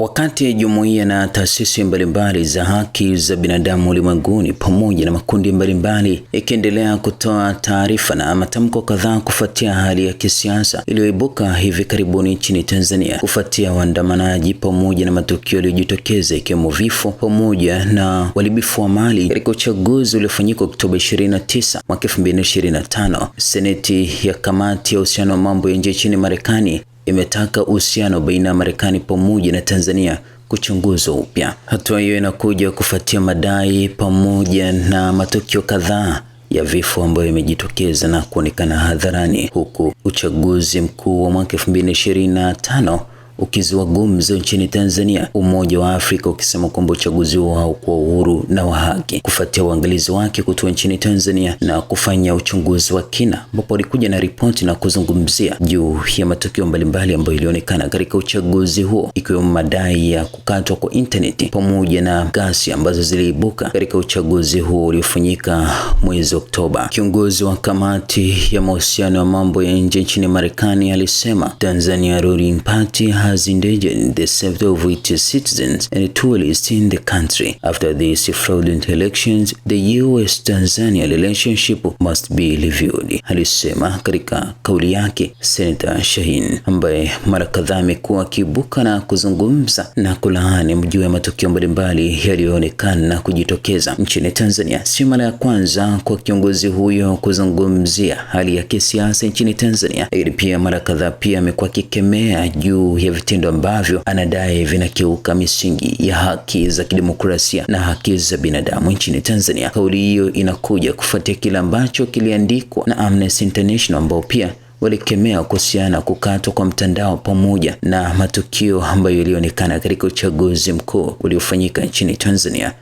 Wakati jumuiya na taasisi mbalimbali za haki za binadamu ulimwenguni pamoja na makundi mbalimbali ikiendelea kutoa taarifa na matamko kadhaa kufuatia hali ya kisiasa iliyoibuka hivi karibuni nchini Tanzania kufuatia waandamanaji pamoja na matukio yaliyojitokeza ikiwemo vifo pamoja na uharibifu wa mali katika uchaguzi uliofanyika Oktoba 29 mwaka 2025, seneti ya kamati ya uhusiano wa mambo ya nje nchini Marekani imetaka uhusiano baina ya Marekani pamoja na Tanzania kuchunguzwa upya. Hatua hiyo inakuja kufuatia madai pamoja na matukio kadhaa ya vifo ambayo imejitokeza na kuonekana hadharani, huku uchaguzi mkuu wa mwaka 2025 ukizua gumzo nchini Tanzania, Umoja wa Afrika ukisema kwamba uchaguzi huo haukuwa uhuru na wa haki, kufuatia uangalizi wake kutua nchini Tanzania na kufanya uchunguzi wa kina, ambapo alikuja na ripoti na kuzungumzia juu ya matukio mbalimbali ambayo ilionekana katika uchaguzi huo, ikiwemo madai ya kukatwa kwa intaneti pamoja na ghasia ambazo ziliibuka katika uchaguzi huo uliofanyika mwezi Oktoba. Kiongozi wa kamati ya mahusiano ya mambo ya nje nchini Marekani alisema Tanzania Ruling Party has endangered the safety of its citizens and tourists in the country. After these fraudulent elections, the US-Tanzania relationship must be reviewed, alisema katika kauli yake Senator Shaheen, ambaye mara kadhaa amekuwa akiibuka na kuzungumza na kulaani mjuu ya matukio mbalimbali yaliyoonekana kujitokeza nchini Tanzania. Si mara ya kwanza kwa kiongozi huyo kuzungumzia hali ya kisiasa nchini Tanzania, lakini pia mara kadhaa pia amekuwa akikemea juu ya vitendo ambavyo anadai vinakiuka misingi ya haki za kidemokrasia na haki za binadamu nchini Tanzania. Kauli hiyo inakuja kufuatia kile ambacho kiliandikwa na Amnesty International ambao pia walikemea kuhusiana kukatwa kwa mtandao pamoja na matukio ambayo yalionekana katika uchaguzi mkuu uliofanyika nchini Tanzania.